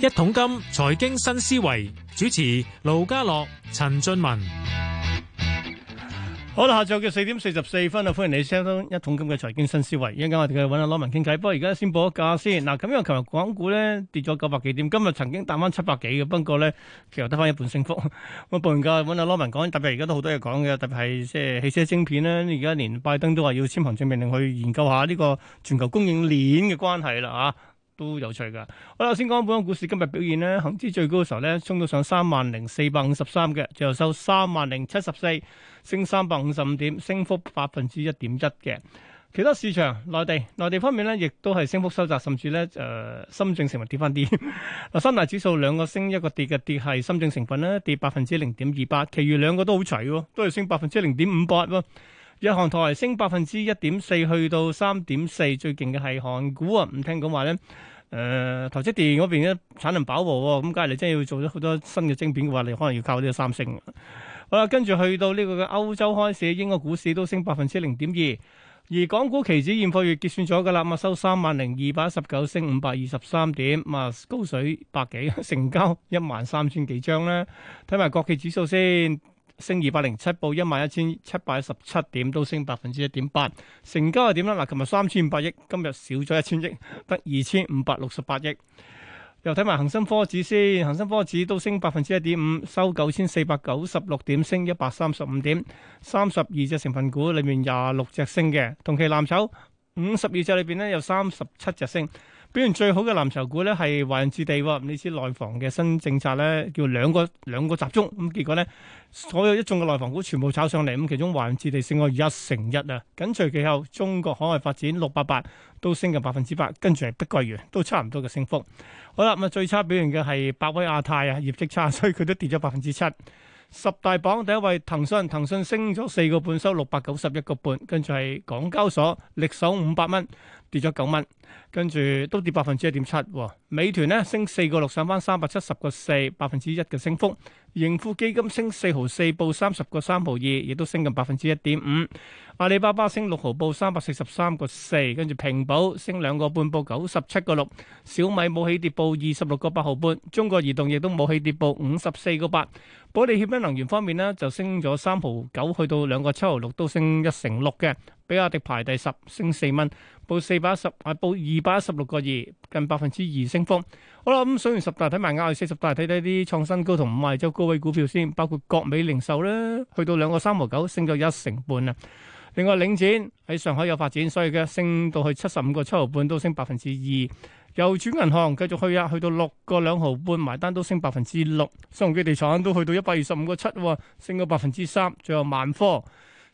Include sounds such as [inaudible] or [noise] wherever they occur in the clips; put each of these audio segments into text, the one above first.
一桶金財經新思維，主持盧家樂、陳俊文，好啦，下晝嘅四點四十四分啊，歡迎你收聽一桶金嘅財經新思維。一陣間我哋去搵阿 Lo 文傾偈，不過而家先報一價先。嗱，咁樣，琴日港股咧，跌咗九百幾點，今日曾經彈翻七百幾嘅，不過咧，其實得翻一半升幅。我 [laughs] 報完價搵阿 Lo 文講，特別而家都好多嘢講嘅，特別係即係汽車晶片咧。而家連拜登都話要簽行政命令去研究下呢個全球供應鏈嘅關係啦啊！都有趣噶。好啦，先講本港股市今日表現呢，恒指最高嘅時候呢，衝到上三萬零四百五十三嘅，最後收三萬零七十四，升三百五十五點，升幅百分之一點一嘅。其他市場內地，內地方面呢，亦都係升幅收窄，甚至呢，誒、呃，深證成分跌翻啲。嗱，三大指數兩個升一個跌嘅，跌係深證成分呢，跌百分之零點二八，其餘兩個都好齊喎，都係升百分之零點五八喎。日韓台升百分之一點四，去到三點四，最勁嘅係韓股啊，唔聽講話呢。誒、呃，投資電台積電嗰邊咧產能飽和，哦，咁假如你真要做咗好多新嘅晶片嘅話，你可能要靠呢啲三星。好啦，跟住去到呢、這個嘅歐洲開市，英國股市都升百分之零點二，而港股期指現貨月結算咗噶啦，嘛收三萬零二百一十九，升五百二十三點，啊高水百幾， [laughs] 成交一萬三千幾張啦。睇埋國企指數先。升二百零七，報一萬一千七百一十七點，都升百分之一點八。成交係點咧？嗱，琴日三千五百億，今日少咗一千億，得二千五百六十八億。又睇埋恒生科指先，恒生科指都升百分之一點五，收九千四百九十六點，升一百三十五點。三十二隻成分股裏面廿六隻升嘅，同期藍籌五十二隻裏邊咧有三十七隻升。表現最好嘅藍籌股咧，係華潤置地。呢次內房嘅新政策咧，叫兩個兩個集中，咁結果咧，所有一眾嘅內房股全部炒上嚟。咁其中華潤置地升咗一成一啊，緊隨其後中國海外發展六百八都升近百分之八，跟住係碧桂園都差唔多嘅升幅。好啦，咁啊最差表現嘅係百威亞太啊，業績差，所以佢都跌咗百分之七。十大榜第一位騰訊，騰訊升咗四個半，收六百九十一個半，跟住係港交所力守五百蚊。跌咗九蚊，跟住都跌百分之一點七。美團呢升四個六，上翻三百七十個四，百分之一嘅升幅。盈富基金升四毫四，報三十個三毫二，亦都升近百分之一點五。阿里巴巴升六毫，報三百四十三個四，跟住平保升兩個半，報九十七個六。小米冇起跌，報二十六個八毫半。中國移動亦都冇起跌，報五十四個八。保利協鑫能源方面呢，就升咗三毫九，去到兩個七毫六，都升一成六嘅。比亞迪排第十，升四蚊，報四百一十，啊報二百一十六個二，近百分之二升幅。好啦，咁、嗯、上完十大睇埋亞，四十大睇睇啲創新高同五萬，而高位股票先，包括國美零售啦，去到兩個三毫九，升咗一成半啊。另外，領展喺上海有發展，所以嘅升到去七十五個七毫半，都升百分之二。郵儲銀行繼續去啊，去到六個兩毫半，埋單都升百分之六。新鴻基地產都去到一百二十五個七，升咗百分之三。最後萬科。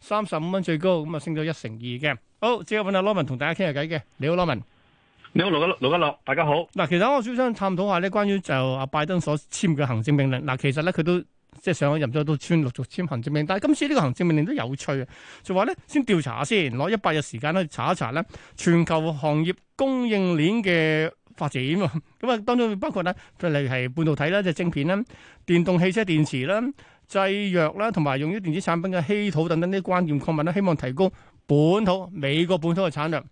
三十五蚊最高，咁啊升咗一成二嘅。好，借問下 Lawman 同大家傾下偈嘅。你好，Lawman。文你好，盧吉盧吉樂，大家好。嗱，其實我想探討下呢關於就阿拜登所簽嘅行政命令。嗱，其實咧佢都即係上任咗都，先陸續簽行政命令。但係今次呢個行政命令都有趣啊，就話咧先調查下先，攞一百日時間咧查一查咧全球行業供應鏈嘅發展啊。咁啊當中包括咧，例如係半導體啦，就晶片啦，電動汽車電池啦。製藥啦，同埋用於電子產品嘅稀土等等啲關鍵礦物咧，希望提高本土美國本土嘅產量。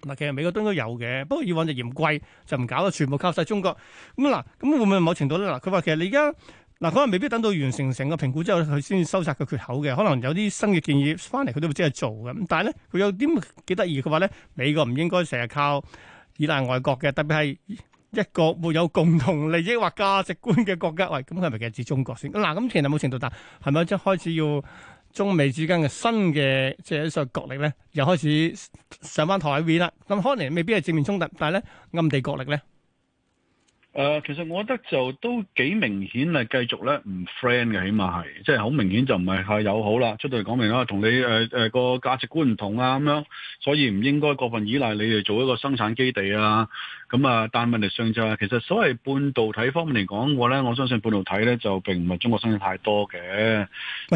嗱，其實美國都應該有嘅，不過以往就嫌貴就唔搞到全部靠晒中國。咁、嗯、嗱，咁會唔會某程度咧？嗱，佢話其實你而家嗱，佢話未必等到完成成個評估之後，佢先收窄個缺口嘅。可能有啲新嘅建議翻嚟，佢都會即係做嘅。咁但係咧，佢有啲幾得意嘅話咧，美國唔應該成日靠倚賴外國嘅，特別係。一個沒有共同利益或價值觀嘅國家，喂，咁佢係咪其實指中國先？嗱、啊，咁其實冇程度，但係咪即係開始要中美之間嘅新嘅即係一種角力咧，又開始上翻台面啦？咁可能未必係正面衝突，但係咧暗地角力咧。誒、呃，其實我覺得就都幾明顯係，繼續咧唔 friend 嘅，起碼係，即係好明顯就唔係太友好啦。出到嚟講明啦，同你誒誒、呃呃、個價值觀唔同啊，咁樣，所以唔應該過分依賴你哋做一個生產基地啊。咁啊，但問題上就係，是，其實所謂半導體方面嚟講嘅話咧，我相信半導體咧就並唔係中國生產太多嘅。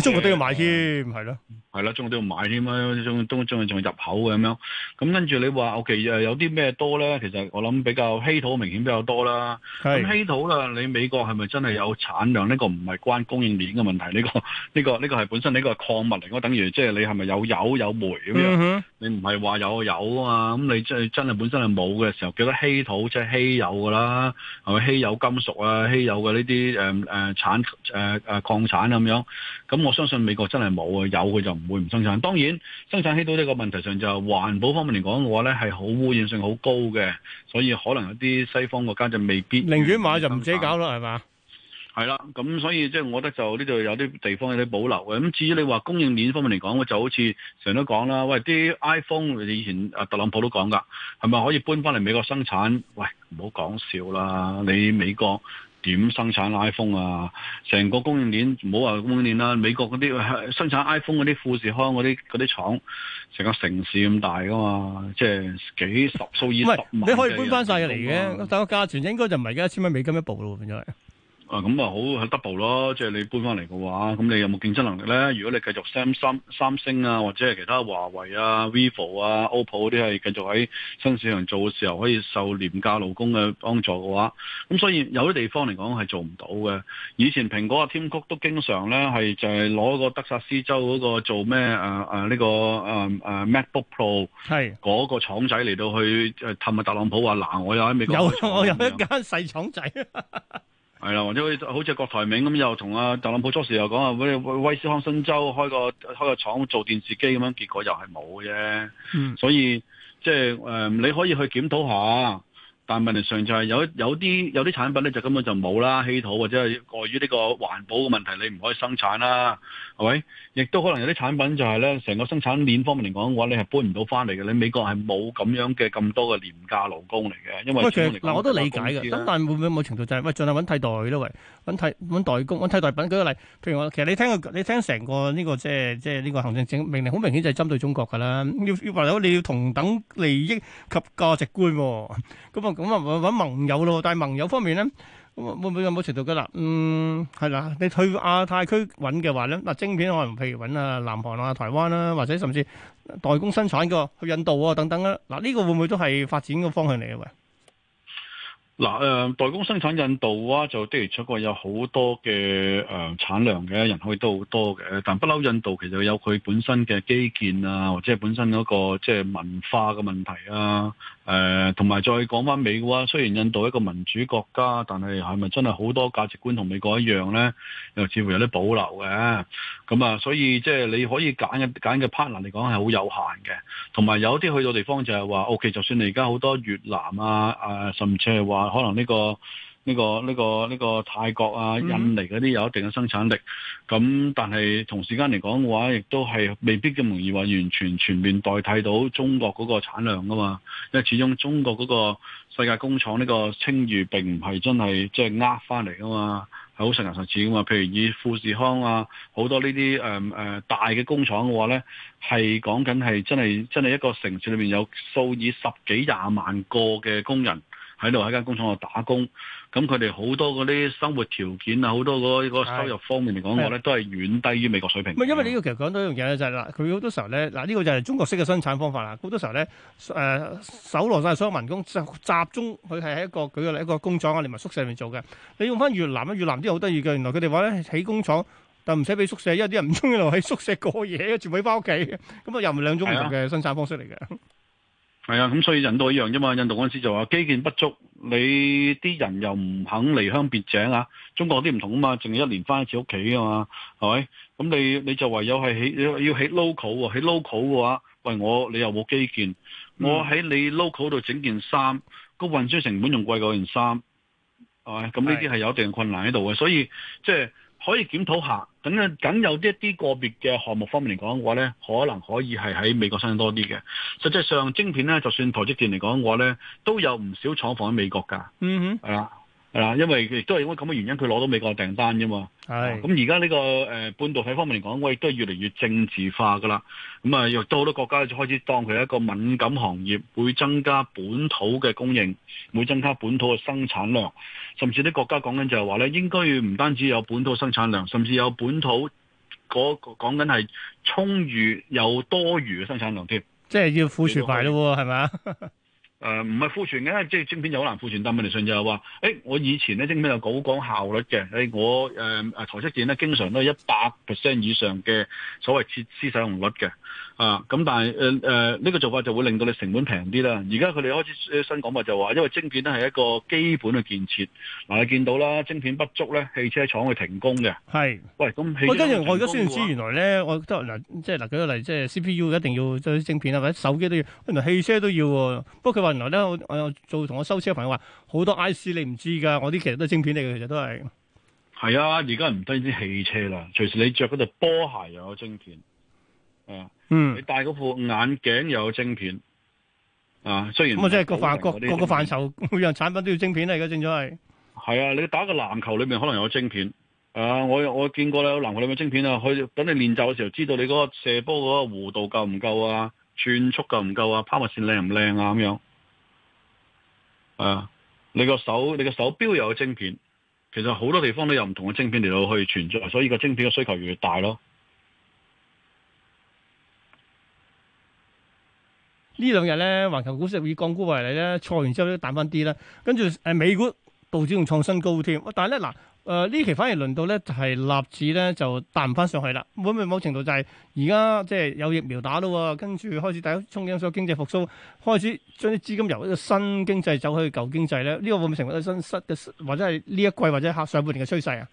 中國都要買添，係咯，係啦，中國都要買添啊，都都仲要入口嘅咁樣。咁跟住你話，我其誒有啲咩多咧？其實我諗比較稀土明顯比較多啦。咁稀土啦，你美國係咪真係有產量？呢個唔係關供應鏈嘅問題，呢個呢個呢個係本身呢個礦物嚟。我等於即係你係咪有油有煤咁樣？Mm hmm. 你唔係話有有啊嘛？咁你真真係本身係冇嘅時候，叫得稀土即係稀有噶啦，係咪稀有金屬啊？稀有嘅呢啲誒誒產誒誒礦產咁樣。咁我相信美國真係冇啊，有佢就唔會唔生產。當然，生產稀土呢個問題上就環保方面嚟講嘅話呢係好污染性，好高嘅，所以可能有啲西方國家就未必，寧願買就唔自己搞咯，係嘛？係啦，咁所以即係我覺得就呢度有啲地方有啲保留嘅。咁至於你話供應鏈方面嚟講，我就好似成日都講啦，喂，啲 iPhone 以前啊特朗普都講㗎，係咪可以搬翻嚟美國生產？喂，唔好講笑啦，你美國。點生產 iPhone 啊？成個供應鏈，唔好話供應鏈啦，美國嗰啲、啊、生產 iPhone 嗰啲富士康嗰啲啲廠，成個城市咁大噶嘛，即係幾十數以十萬計人，唔係，你可以搬翻曬嚟嘅，但個價錢應該就唔係而家一千蚊美金一部咯，變啊咁啊好 double 咯，即係你搬翻嚟嘅話，咁你有冇競爭能力咧？如果你繼續 s 三,三星啊，或者係其他華為啊、Vivo 啊、OPPO 啲係繼續喺新市場做嘅時候，可以受廉價勞工嘅幫助嘅話，咁所以有啲地方嚟講係做唔到嘅。以前蘋果啊、添谷都經常咧係就係攞個德薩斯州嗰個做咩啊啊呢個啊啊 MacBook Pro 係嗰個廠仔嚟到去氹下特朗普話嗱，我有喺美國有我有一間細廠仔。 [laughs] 係啦，或者好似郭台銘咁，又同啊特朗普初時又講啊，去威斯康辛州開個開個廠做電視機咁樣，結果又係冇嘅啫。嗯。所以即係誒，你可以去檢討下。但問題上就係有有啲有啲產品咧就根本就冇啦，稀土或者係礙於呢個環保嘅問題，你唔可以生產啦，係咪？亦都可能有啲產品就係咧，成個生產鏈方面嚟講嘅話，你係搬唔到翻嚟嘅。你美國係冇咁樣嘅咁多嘅廉價勞工嚟嘅，因為嗱我都理解嘅。咁但會唔會某程度就係喂，盡量揾替代咯，喂，揾替揾代工，揾替代品。舉個例，譬如我其實你聽個你聽成個呢個即係即係呢個行政政命令，好明顯就係針對中國㗎啦。要要話咗你要同等利益及價值觀，咁啊～咁啊，搵盟友咯，但係盟友方面咧，會唔會有冇前途噶啦？嗯，係啦，你去亞太區揾嘅話咧，嗱，晶片可能譬如揾啊，南韓啊、台灣啦，或者甚至代工生產嘅，去印度啊等等啦，嗱，呢個會唔會都係發展嘅方向嚟嘅？嗱誒、呃，代工生產印度嘅、啊、就的確出國有好多嘅誒、呃、產量嘅人口都好多嘅，但不嬲印度其實有佢本身嘅基建啊，或者本身嗰、那個即係文化嘅問題啊，誒同埋再講翻美國嘅話、啊，雖然印度係一個民主國家，但係係咪真係好多價值觀同美國一樣咧？又似乎有啲保留嘅、啊，咁啊，所以即係你可以揀嘅揀嘅 partner 嚟講係好有限嘅，同埋有啲去到地方就係話，O K，就算你而家好多越南啊，誒、啊，甚至係話。可能呢、這個呢、這個呢、這個呢、這個泰國啊、印尼嗰啲有一定嘅生產力，咁、嗯、但係同時間嚟講嘅話，亦都係未必咁容易話完全全面代替到中國嗰個產量噶嘛。因為始終中國嗰個世界工廠呢個稱譽並唔係真係即係呃翻嚟噶嘛，係好實牙實齒噶嘛。譬如以富士康啊，好多、呃呃、呢啲誒誒大嘅工廠嘅話咧，係講緊係真係真係一個城市裏面有數以十幾廿萬個嘅工人。喺度喺間工廠度打工，咁佢哋好多嗰啲生活條件啊，好多嗰個收入方面嚟講，我咧的都係遠低於美國水平。因為呢個其實講到一樣嘢咧，就係嗱，佢好多時候咧，嗱、這、呢個就係中國式嘅生產方法啦。好多時候咧，誒、呃，搜羅晒所有民工，集中佢係喺一個，舉個例，一個工廠啊，連埋宿舍入面做嘅。你用翻越南咧，越南啲好得意嘅，原來佢哋話咧，起工廠，但唔使俾宿舍，因為啲人唔中意留喺宿舍過夜，全部喺屋企，咁、嗯、啊，又唔係兩種唔同嘅生產方式嚟嘅。係啊，咁所以印度一樣啫嘛。印度嗰陣時就話基建不足，你啲人又唔肯離鄉別井啊。中國啲唔同啊嘛，淨係一年翻一次屋企啊嘛，係咪？咁你你就唯有係起要起 local 喎，起 local 嘅話，喂我你又冇基建，嗯、我喺你 local 度整件衫，個運輸成本仲貴過件衫，係咪？咁呢啲係有一定困難喺度嘅，所以即係。可以檢討下，咁樣有啲一啲個別嘅項目方面嚟講嘅話咧，可能可以係喺美國生產多啲嘅。實際上晶片咧，就算台積電嚟講嘅話咧，都有唔少廠房喺美國㗎。嗯哼，係啦。係啦，因為亦都係因為咁嘅原因，佢攞到美國嘅訂單啫嘛。係、哎。咁而家呢個誒、呃、半導體方面嚟講，我亦都係越嚟越政治化㗎啦。咁、嗯、啊，有多好多國家就開始當佢係一個敏感行業，會增加本土嘅供應，會增加本土嘅生產量，甚至啲國家講緊就係話咧，應該要唔單止有本土生產量，甚至有本土嗰講緊係充裕有多餘嘅生產量添。即係要富庶埋咯，係咪？誒，唔係庫存嘅，即係晶片就好難庫存，但問題上就係話，誒、欸，我以前咧晶片就好講效率嘅，誒、欸，我誒，誒、呃，台積電咧經常都係一百 percent 以上嘅所謂設施使用率嘅。啊，咁但係誒誒，呢、呃這個做法就會令到你成本平啲啦。而家佢哋開始新講法就話，因為晶片咧係一個基本嘅建設。嗱、呃，你見到啦，晶片不足咧，汽車廠會停工嘅。係是，喂，咁後我今日我而家先知原來咧，我得嗱，即係嗱舉個例，即係 C P U 一定要即啲晶片啊，或者手機都要，原來汽車都要。不過佢話原來咧，我我、啊、做同我修車嘅朋友話，好多 I C 你唔知噶，我啲其實都係晶片嚟嘅，其實都係。係啊，而家唔單止汽車啦，隨時你着嗰隻波鞋又有晶片。啊，嗯，你戴嗰副眼鏡又有晶片，啊，雖然咁啊，即係各範各個範疇，每樣產品都要晶片啦，啊，而家正咗係。係啊，你打個籃球裏面可能又有晶片，啊，我我見過啦，有籃球裏面晶片啊，佢等你練習嘅時候，知道你嗰個射波嗰個弧度夠唔夠啊，轉速夠唔夠啊，拋物線靚唔靚啊，咁樣，啊，你個手你個手表又有晶片，其實好多地方都有唔同嘅晶片嚟到去存在，所以個晶片嘅需求越嚟越大咯。兩呢兩日咧，環球股市以降估為例咧，錯完之後咧彈翻啲啦。跟住誒美股道指仲創新高添。但係咧嗱，誒、呃、呢期反而輪到咧係納指咧就彈翻上去啦。會唔會某程度就係而家即係有疫苗打到喎？跟住開始大家衝緊經濟復甦，開始將啲資金由一個新經濟走去舊經濟咧。呢、這個會唔會成為新失嘅，或者係呢一季或者下上半年嘅趨勢啊？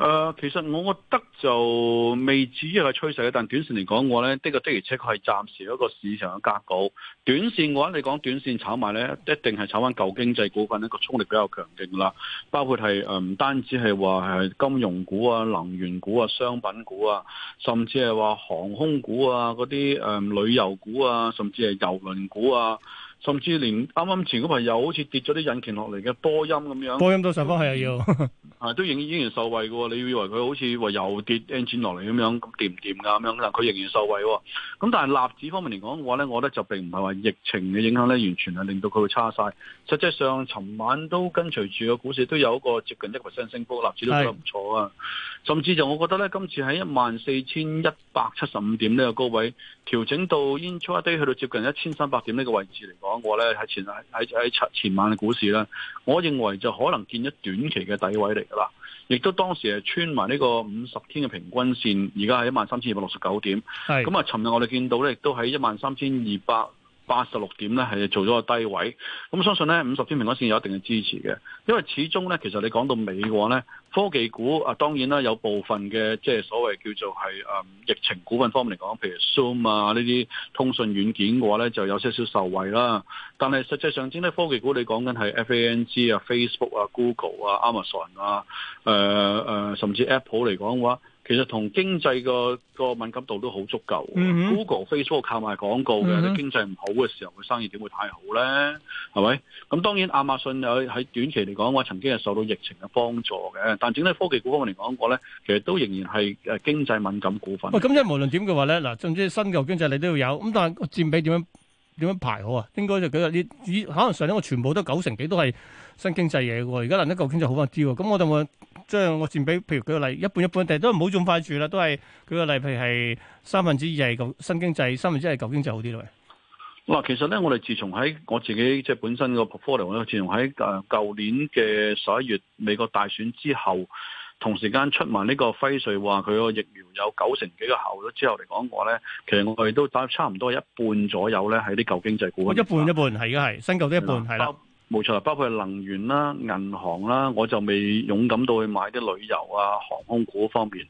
誒、呃，其實我覺得就未至於係趨勢嘅，但短線嚟講，我咧呢個的而且確係暫時一個市場嘅格局。短綫嘅話，你講短綫炒賣呢，一定係炒翻舊經濟股份，呢、那個沖力比較強勁啦。包括係誒，唔、呃、單止係話係金融股啊、能源股啊、商品股啊，甚至係話航空股啊、嗰啲誒旅遊股啊，甚至係郵輪股啊。甚至連啱啱前嗰排又好似跌咗啲引擎落嚟嘅波音咁樣，波音都上翻，係都啊要啊都仍依然受惠嘅喎。你以為佢好似話又跌 engine 落嚟咁樣，咁掂唔掂㗎咁樣？但佢仍然受惠。咁但係納指方面嚟講嘅話咧，我覺得就並唔係話疫情嘅影響咧，完全係令到佢會差晒。實際上，尋晚都跟隨住個股市都有一個接近一個 percent 升幅，納指都做得唔錯啊。是甚至就我覺得咧，今次喺一萬四千一百七十五點呢個高位調整到 intraday 去到接近一千三百點呢個位置嚟講。講過咧，喺前喺喺前晚嘅股市咧，我認為就可能見咗短期嘅底位嚟噶啦，亦都當時係穿埋呢個五十天嘅平均線，而家係一萬三千二百六十九點。係咁啊，尋日我哋見到咧，亦都喺一萬三千二百。八十六點咧係做咗個低位，咁、嗯、相信咧五十天平均線有一定嘅支持嘅，因為始終咧其實你講到尾嘅話咧，科技股啊，當然啦有部分嘅即係所謂叫做係誒、嗯、疫情股份方面嚟講，譬如 Zoom 啊呢啲通訊軟件嘅話咧就有些少受惠啦，但係實際上整啲科技股你講緊係 FANG 啊 Facebook 啊 Google 啊 Amazon 啊誒誒、呃呃、甚至 Apple 嚟講嘅話。其實同經濟個個敏感度都好足夠、嗯、哼，Google、Facebook 靠賣廣告嘅，嗯、哼經濟唔好嘅時候，佢生意點會太好咧？係咪？咁、嗯、當然，亞馬遜喺喺短期嚟講，我曾經係受到疫情嘅幫助嘅，但整體科技股方面嚟講過咧，其實都仍然係誒經濟敏感股份。喂、哦，咁即係無論點嘅話咧，嗱，甚至新舊經濟你都要有，咁但係個佔比點樣？點樣排好啊？應該就舉個啲，以可能上年我全部都九成幾都係新經濟嘢嘅喎，而家嚟得舊經濟好翻啲喎。咁、嗯、我就會即係我佔比，譬如舉個例，一半一半，但係都唔好咁快住啦，都係舉個例，譬如係三分之二係舊新經濟，三分之二係舊經濟好啲咯。嗱，其實咧，我哋自從喺我自己即係本身個 portfolio 咧，自從喺誒舊年嘅十一月美國大選之後。同時間出埋呢個輝瑞話佢個疫苗有九成幾嘅效率之後嚟講，我咧其實我哋都得差唔多一半左右咧，喺啲舊經濟股。一半一半係嘅，係新舊都一半係啦。冇錯，包括，係嘅，包括能源啦、銀行啦，我就未勇敢到去買啲旅遊啊、航空股方面。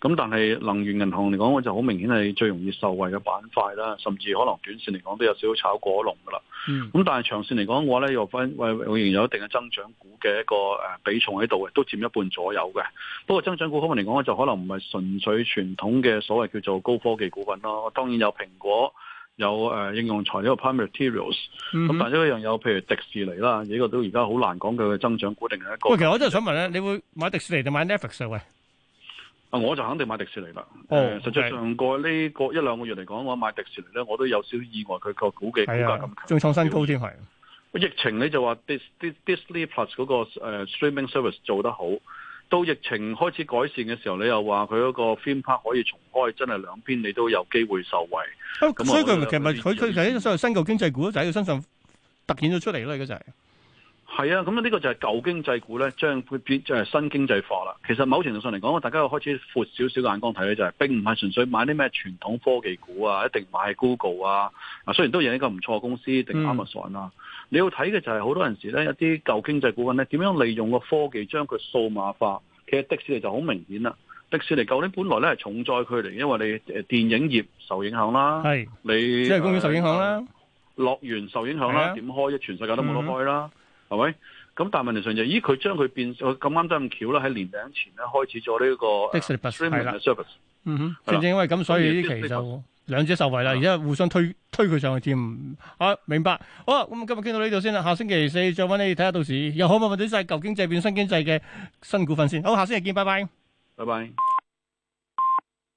咁但係能源銀行嚟講，我就好明顯係最容易受惠嘅板塊啦，甚至可能短線嚟講都有少少炒果龍噶啦。咁、嗯、但係長線嚟講嘅話咧，又分喂仍然有一定嘅增長股嘅一個誒比重喺度嘅，都佔一半左右嘅。不過增長股可能嚟講，就可能唔係純粹傳統嘅所謂叫做高科技股份咯。當然有蘋果，有誒應用材料 （materials），p r i 咁、嗯、哼但係一樣有譬如迪士尼啦，呢、這個都而家好難講佢嘅增長股定係一個。其實我真係想問咧，你會買迪士尼定買 Netflix 喂？我就肯定買迪士尼啦。誒，oh, okay. 實際上過呢個一兩個月嚟講，我買迪士尼咧，我都有少意外，佢個股嘅股價咁高，仲創新高添為，係。疫情你就話 dis dis Disney Plus 嗰、那個、uh, streaming service 做得好，到疫情開始改善嘅時候，你又話佢嗰個 theme park 可以重開，真係兩邊你都有機會受惠。咁、啊、樣所以佢其實咪佢佢喺新舊經濟股就喺佢身上突顯咗出嚟咯，嗰就係。係啊，咁、嗯、呢、呢個就係舊經濟股咧，將佢變就係新經濟化啦。其實某程度上嚟講，大家又開始闊少少眼光睇咧，就係、是、並唔係純粹買啲咩傳統科技股啊，一定買 Google 啊。啊，雖然都係一個唔錯嘅公司，Amazon 啦。Am 啊嗯、你要睇嘅就係、是、好多陣時咧，一啲舊經濟股份、呃、咧，點樣利用個科技將佢數碼化。其實迪士尼就好明顯啦。迪士尼舊年本來咧係重災區嚟，因為你誒電影業受影響啦，係是你即係公園受影響啦、啊，樂園受影響啦，點的開全世界都冇得開啦。係咪？咁但係問題上就是，咦佢將佢變咗咁啱得咁巧啦，喺年底前咧開始做呢個。係、uh, 啦。嗯哼。正正因為咁，所以呢期就兩者受惠啦，而家互相推推佢上去添。啊，明白。好，咁今日傾到呢度先啦。下星期四再揾你睇下，到時又有冇問題舊經濟變新經濟嘅新股份先。好，下星期見，拜拜。拜拜。